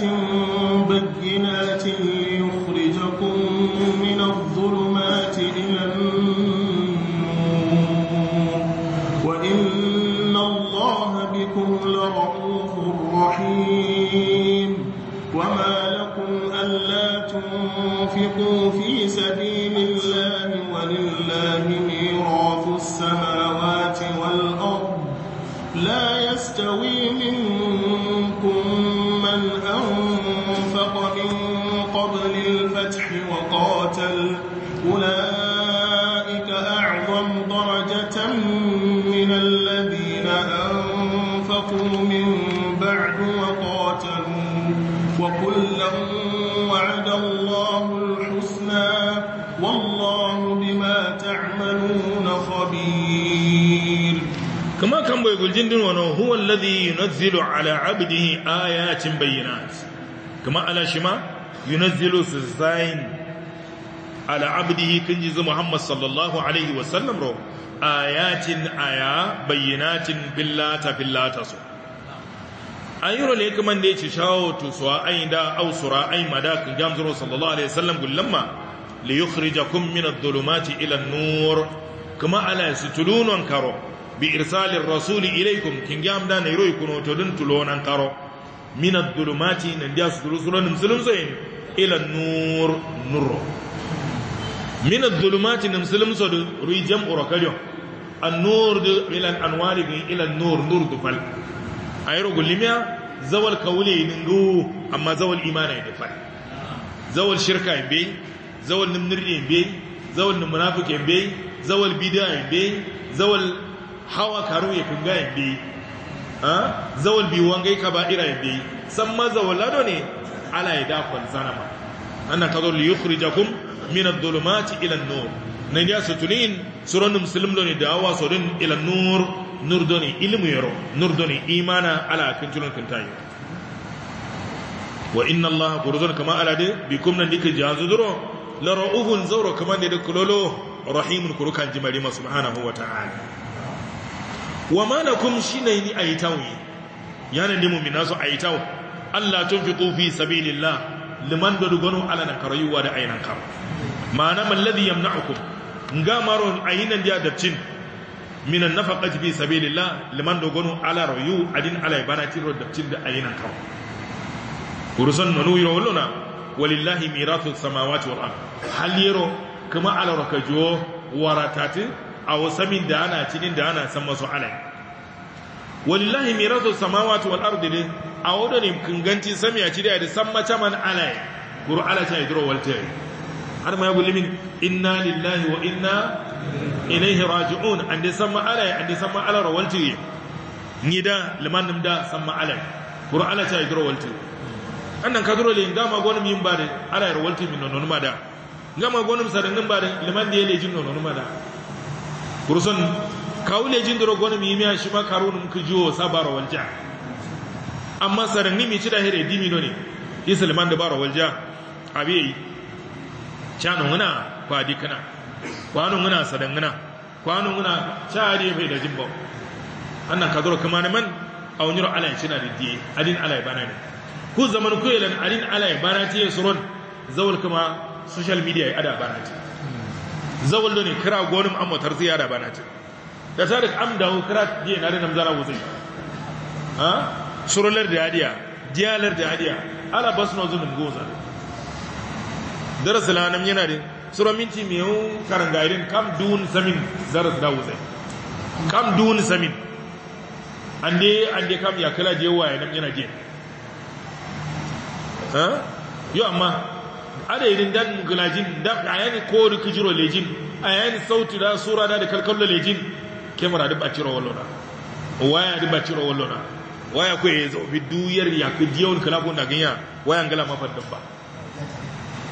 تنفقوا في سبيل bai guljin din wani huwan ladi yunazilu ala abdihi ayatin bayyanat kuma ala shi ma yunazilu ro ayatin aya bayyanatin billata billata su an yi da ya ce shawo da ausura kan jamzuru sallallahu alaihi wasallam gullum ma li yukhrijakum min adh-dhulumati ila an-nur kuma bi irsalir rasuli ilaikum kingi amda na iroi kuno to din tulonan karo min ad-dhulumati nan dia sulusulun musulun so yin ila nur nuro min ad-dhulumati nan musulun so din rui jam'u rakalyo an-nur ila al-anwari ila an-nur nur dufal ayro gulimiya zawal kawule ningu amma zawal imana ya e dufal zawal shirka e ya bai zawal nimnirri e ya bai zawal munafiki ya bai zawal bid'a ya bai zawal hawa karu ya kunga yadda a zawal bi wangai ka ba ira yadda san ma zawalado ne ala ya dakon zanama anna ka zo li yukhrijakum min ad-dhulumati ila an-nur nan ya sutunin suran muslim do ne da hawa suran ila nur nur ne ilmu yaro nur do ne imana ala kin tulun kin tayi wa inna allaha gurzun kama ala de bikum nan dike jazuduro la ra'ufun zauro kama ne da kulolo rahimun kurukan jimari subhanahu wa ta'ala wa ma lakum shine ni aitawi yana ni mu'mina su aitaw Allah tunfiqu fi sabilillah liman dudugonu ala na karayuwa da ainan kam ma'ana man ladhi yamna'ukum nga maron ainan da dabcin min an-nafaqati fi sabilillah liman dudugonu ala rayu adin ala ibanati ro dabcin da ainan kam kurusan nanu yiro wallona walillahi mirathu samawa wal ard hal yiro kama ala rakajo waratati a wasamin da ana cinin da ana san masu alai wallahi miratu samawati wal ardi ne a wadannan kanganci sami a ci da san mace man alai guru ala ta idro wal tayi har ma yabu limin inna lillahi wa inna ilaihi raji'un an da san ma alai an da san ma alai rawal tayi ni da liman da san ma alai guru ala ta idro wal tayi annan duro le ngama gonum yin bare ala rawal tayi min nonon ma da ngama gonum sarin ngam bare liman da yele jin nonon ma da kursun kawule duro gona mi miya shi ma karun ku jiwo sabara walja amma saranni mi ci da hira dimi ne yi salman da bara walja abi chanu ngana kwa dikana kwanu ngana sadangana kwanu ngana chari bai da jimbo annan kama ne man awniro alai cina da diye adin alai bana ne ku zaman ku lan adin alai bana yi suron zawul kuma social media ya ada bana tiye zawallo ne kira gonim an motar ziyara ba na ce da sarik am da kira je na rinam zara wuzi ha surular da hadiya diyalar da hadiya ala basno zunum goza darasa lanam yana din sura minti me hu karangairin kam dun samin zara da wuzai kam dun samin ande ande kam ya kala je waya nan yana je ha yo amma adairin dan gulajin da ayani ko kujiro lejin ayani sauti da sura da kalkallo lejin kemara da baciro wallona waya da baciro wallona waya ku yi zo bi duyar ya ku diyon kala ko ganya waya ngala ma faddan ba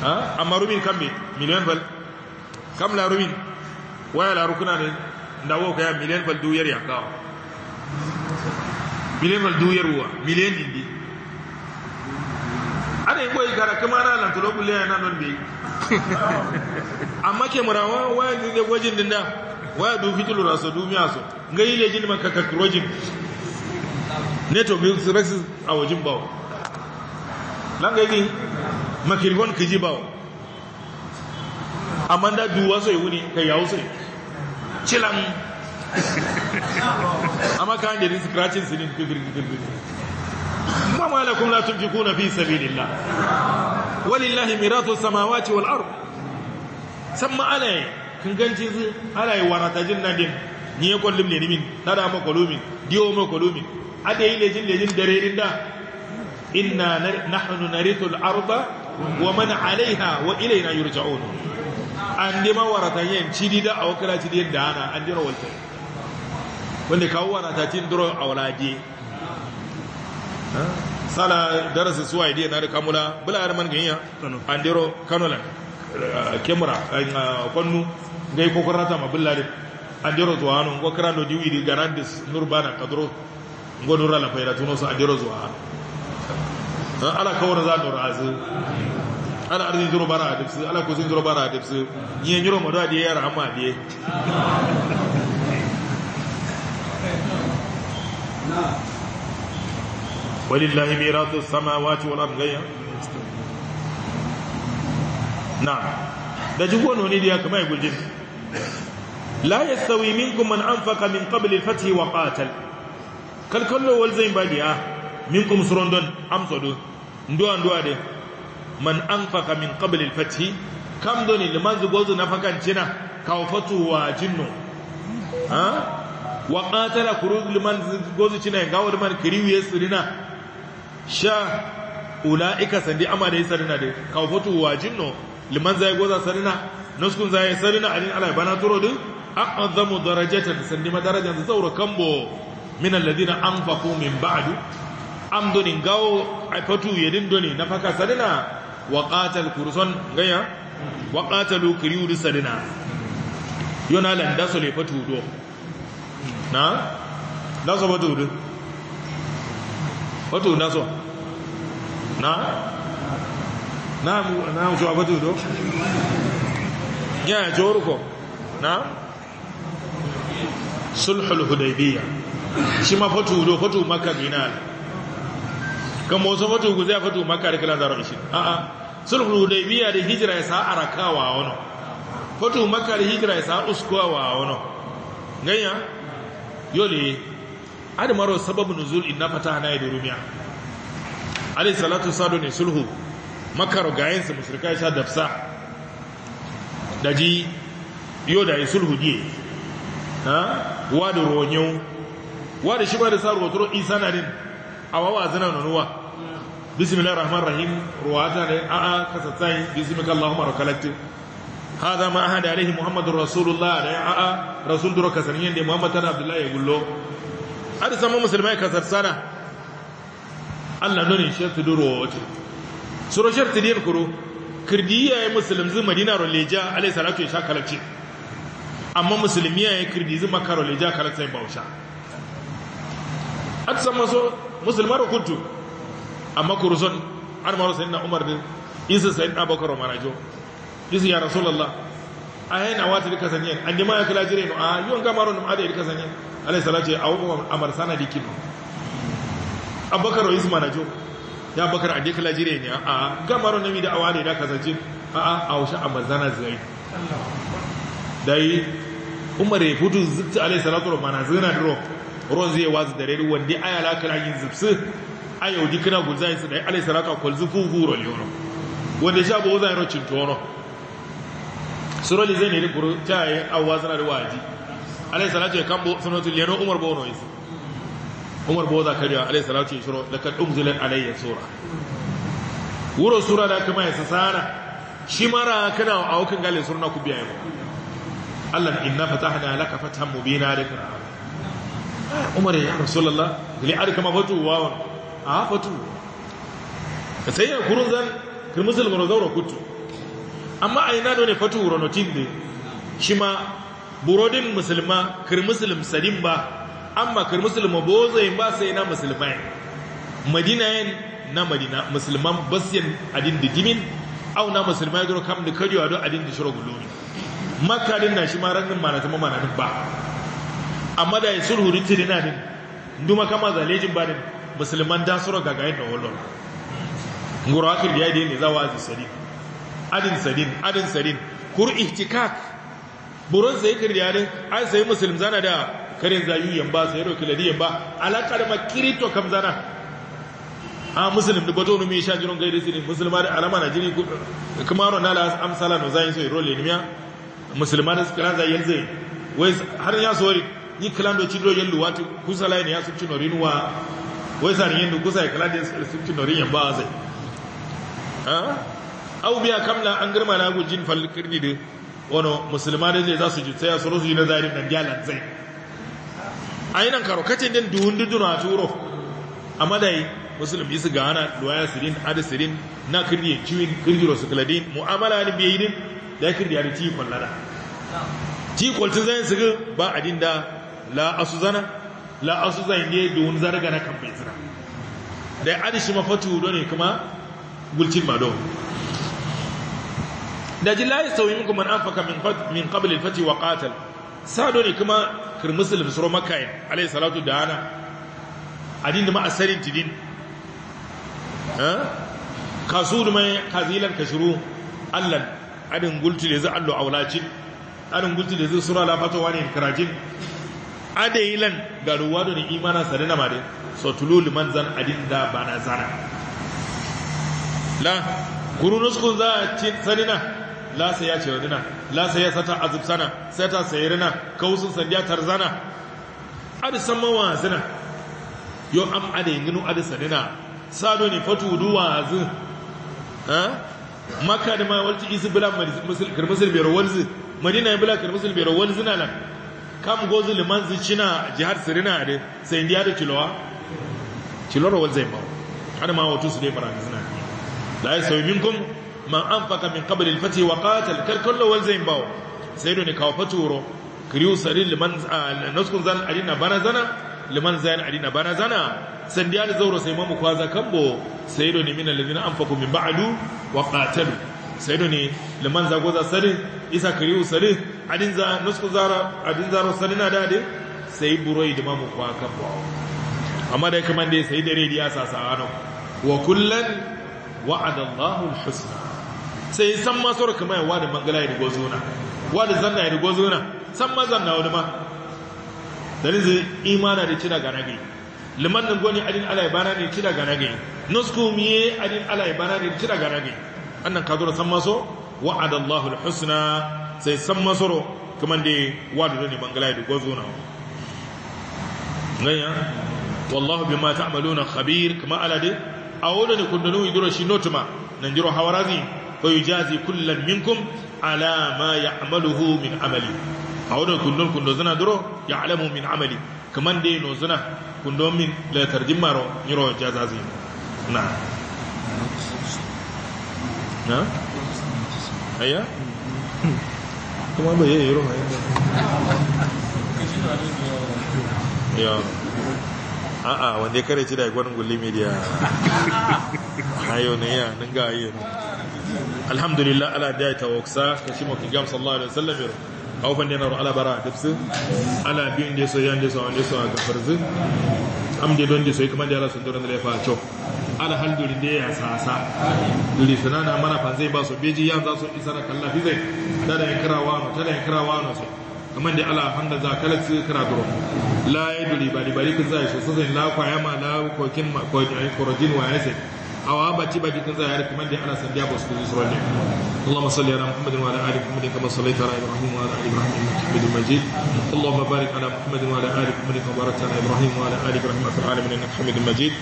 ha amma rubin kambe miliyan bal kam la rubin waya la rukuna ne da wo ya miliyan bal duyar ya ka miliyan bal duyar wa miliyan dindi gara kuma na lantolo kulle yana nan bi amma ke murawa waya ne gwajin din da waya du fitilu rasu du miya so ngai le jin maka kakrojin ne to bi rex a wajin bawo lan ga yi makirgon kiji bawo amma da duwa so yi e wuni kai yawo so e. cilan amma kan da scratching sinin kibir kibir فما لكم لا تنفقون في سبيل الله ولله ميراث السماوات والأرض سمى علي كنغنتي علي وراتجن ندين ni ya kwallum ne nimin tada ma kolumin diyo ma kolumin ada yi lejin lejin dare din da inna nahnu narithul arda wa man alaiha wa ilayna an dima warata yin cidi da awkala cidi da ana an dira wanda kawo warata cin duro awladi sala darasi suwa idiya na da kamula bula har man ganya andero kanola uh, kemura uh, uh, kwannu gai ko kurata ma bula da andero zuwa hannu ko kira no diwi di garandis nurbana kadro ngo nura la faira tuno sa andero zuwa ala kawar za nura azu ala arzi zuru bara adibsu ala kusin zuru bara adibsu yin yiro madu adiye yara amma adiye na ولله ميراث السماوات والارض غيا نعم ده جوونو ني da ya يقول guljin la منكم من man من min الفتح وقاتل كل كل ولزين باديا منكم zain badiya minkum surondon amsodo nduwa de man anfaqa min qabl al-fath kam doni liman zugozu nafakan cina kawfatu wa jinnu ha wa qatala kurud liman zugozu cina gawar man kiriwiye surina sha ula'ika sandi amma da yi sarina da kawo fatu jinno no liman zai goza sarina nuskun zai sarina alin ala bana turo din an azamu darajatan sandi madarajan da saura kambo min alladina anfaqu min ba'du doni gawo ai fatu yadin doni na faka sarina wa qatal kurson gaya wa qatalu kiriyu sarina yona landa so fatu do na da so fatu do na so na na na zuwa abatu do ya joruko na sulhul hudaybiyah shi ma fatu do fatu makka gina kan mo so fatu guzai fatu makka da kala zarabi shi a ah, a ah. sulhul hudaybiyah da hijira ya sa arakawa wono fatu makka da hijira ya sa uskowa wono ganya yole admaro sababu nuzul inna fatahna yadrumiya alayhi salatu sadu ne sulhu makaro gayen su mushrikai sa dafsa daji yo da sulhu je ha wa da ronyo wa da shi ba da saro turo isa na din awawa zana nunuwa bismillahir rahmanir rahim ruwata ne a a kasatsai bismika allahumma rakalaktu هذا ما أحد عليه محمد رسول الله آآ رسول درك سنين دي محمد عبد الله يقول له har zama musulmai ka sarsana Allah nuni sharti duro wace suro sharti ne kuro kirdiya ya musulun zuma dina roleja alai salatu ya sha kalace amma musulmi ya kirdi zuma ka roleja kalace ya bausha at sama so musulmar kuntu amma kurson an maro na umar din isa bakar wa marajo isa ya rasulullah a yana wata duka sanyen an dima ya kula jire no a yiwon gamaron da ma'ada ya duka sanyen alayhi salatu ya awu amar sana dikin abakar isma na jo ya bakar a dikla jire ne a gamaro nami da ne da kasance a a a wusha amar sana zai dai umar ya fudu zubta alayhi salatu wa mana zina duro ron zai wazu da rai wanda aya la kala yin zubsu ayo dikna gulzai su dai alayhi salatu kol zufu guro leono wanda sha bo zai rocin tono suroli zai ne ta yi awazana da waji alayhi salatu ya yakambo sunatu yano umar bono isu umar za boza kariya alayhi salatu ya yashro lakad umzilat alayya sura wuro sura da kuma ya sasana shi mara kana a wakan galin surna ku biya mu Allah inna fatahna laka fathan mubina laka umar ya yi rasulullah li arka kama fatu wawan a fatu Ka sai ya kurun zan kirmusul murzaura kutu amma a yi na ne fatu wuro ronotin de shi ma burodin musulma kir muslim salim ba amma kir muslim ba sai na musulmai madinayen na madina musulman basiyan adin da jimin au na musulmai duro kam da kariwa do adin da shiro gulumi makka din na shi marannin ranin ma ba amma da sulhu huriti na din duma kama zalejin ba din musulman da suro gagayen da wallon ngoro akir da yadi ne zawa sadin adin sadin adin sadin kur ihtikak buron sai kiryarin an sai musulm zana da karin zayu yamba sai roki ladi yamba alakar makirito kam zana a musulm da bato numi sha jiron gairi sini musulma da alama na jini kuma ron nala amsala no zayin sai role miya musulma da kiran ranza yanzu wai har ya sori yi kalando cidro yallu wati kusala ne ya su cinorin wa wai sani yadda kusa ya kala da su cinorin yamba a zai au biya kamla an girma na gujin falkirni da ono musulmane ne za su ji sai su rusu na zalim na gyalan zai ainihin karo kacin din duhun na turo a madayi musulmi su gana luwaya sirin adisirin na kirdiye ciwin kirgiro su kaladin mu'amala ne biyayi din da ya kirdiya da cikon lada cikon tun zai su ba adin da la asu zana la asu zai ne duhun zarga na kan bai zira da ya adishi mafatu ne kuma gulcin ma ji layi sauyi muku man anfaqa min min qabl al-fath wa qatal sado ne kuma kirmusul fisro makai alayhi salatu da ana adin da ma asarin tidin kasur mai kazilan kashuru allan adin gultu da zai allo aulacin adin gultu da zai sura lafatowa wani karajin adayilan ga ruwa da imana sadana ma dai so tulu liman zan adin da bana zana la kuru nuskun za a sadana la sai ya cirdina la sai ya sata sana sai ta sayirina kausun sandiya tarzana adisan mawazina yo am ade nginu sadina sado ne fatu duwazu ha maka da ma walci isi bila karmusul kirmusul bero walzi madina ya bila kirmusul bero na nan kam gozu liman zicina jihar sirina da sai indiya da kilowa kilowar walzai ba hada ma wato su dai fara zina la yasawminkum man anfaqa min qabli al-fath wa qatal kal kullu wal zain bawo sai don kawo faturo kriyu saril liman naskun zan adina barazana liman zan adina barazana san da zauro sai mamu kwaza kambo sai don min alladhina anfaqu min ba'du wa qatalu sai don liman za goza isa kriyu sari adin za naskun zara adin zaro sanina dade sai buroi da mamu kwa kambo amma dai kaman dai sai dare rediya sasa wa kullan wa'ada Allahu al-husna sai san ma sura kamar wa da mangala ya rigo zuna wa zanna ya rigo zuna san ma zanna wani ma da zai imana da cida ga nage liman nan goni adin ala ibana ne cida ga nage nusku miye adin ala ibana ne cida ga nagi annan kadura san maso wa'ada Allahu al-husna sai san ro kaman da wa da ne mangala ya rigo zuna ganya wallahu bima ta'maluna khabir kama ala dai a wani kundanu idura shi notuma nan jiro hawarazi fa yujazi kullam minkum alama ya amaluhu min amali a wannan kundon kundo zana duro alamu min amali kaman dai no zana kundo min la tarjim niro jazazi na na aya kuma ba yayi yiro ya a'a wanda ya kare ci da gwanin gulli media ayo ne ya nan ga ayyana alhamdulillah ala dai tawaksa da shi mafi gam sallallahu alaihi wasallam yaro awfan dinar ala bara dafsu ala bi inde so yande so wande so ga farzu amde don de so kuma da Allah sun doran da fa cho ala halduri de ya sasa duri sunana mana fa zai ba su beji ya za isa da kallah fi zai da da kirawa no ta da kirawa no so kamar da ala handa za kala su kira duro la ya duri bari bari kun zai so sai la kwaya ma la kokin ma korojin eh, wa ya sai awabati baki kan zai harfi da ana san diabo su zuwa ne اللهم صل على محمد وعلى ال محمد كما صليت على ابراهيم وعلى ال ابراهيم انك حميد مجيد اللهم بارك على محمد وعلى ال محمد كما باركت على ابراهيم وعلى ال ابراهيم في العالمين انك حميد مجيد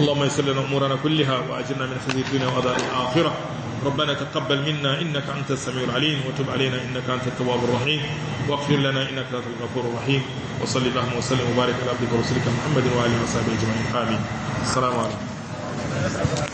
اللهم يسر لنا امورنا كلها واجرنا من خزي الدنيا وعذاب الاخره ربنا تقبل منا انك انت السميع العليم وتب علينا انك انت التواب الرحيم واغفر لنا انك انت الغفور الرحيم وصل اللهم وسلم وبارك على عبدك ورسولك محمد وعلى اله وصحبه اجمعين امين السلام عليكم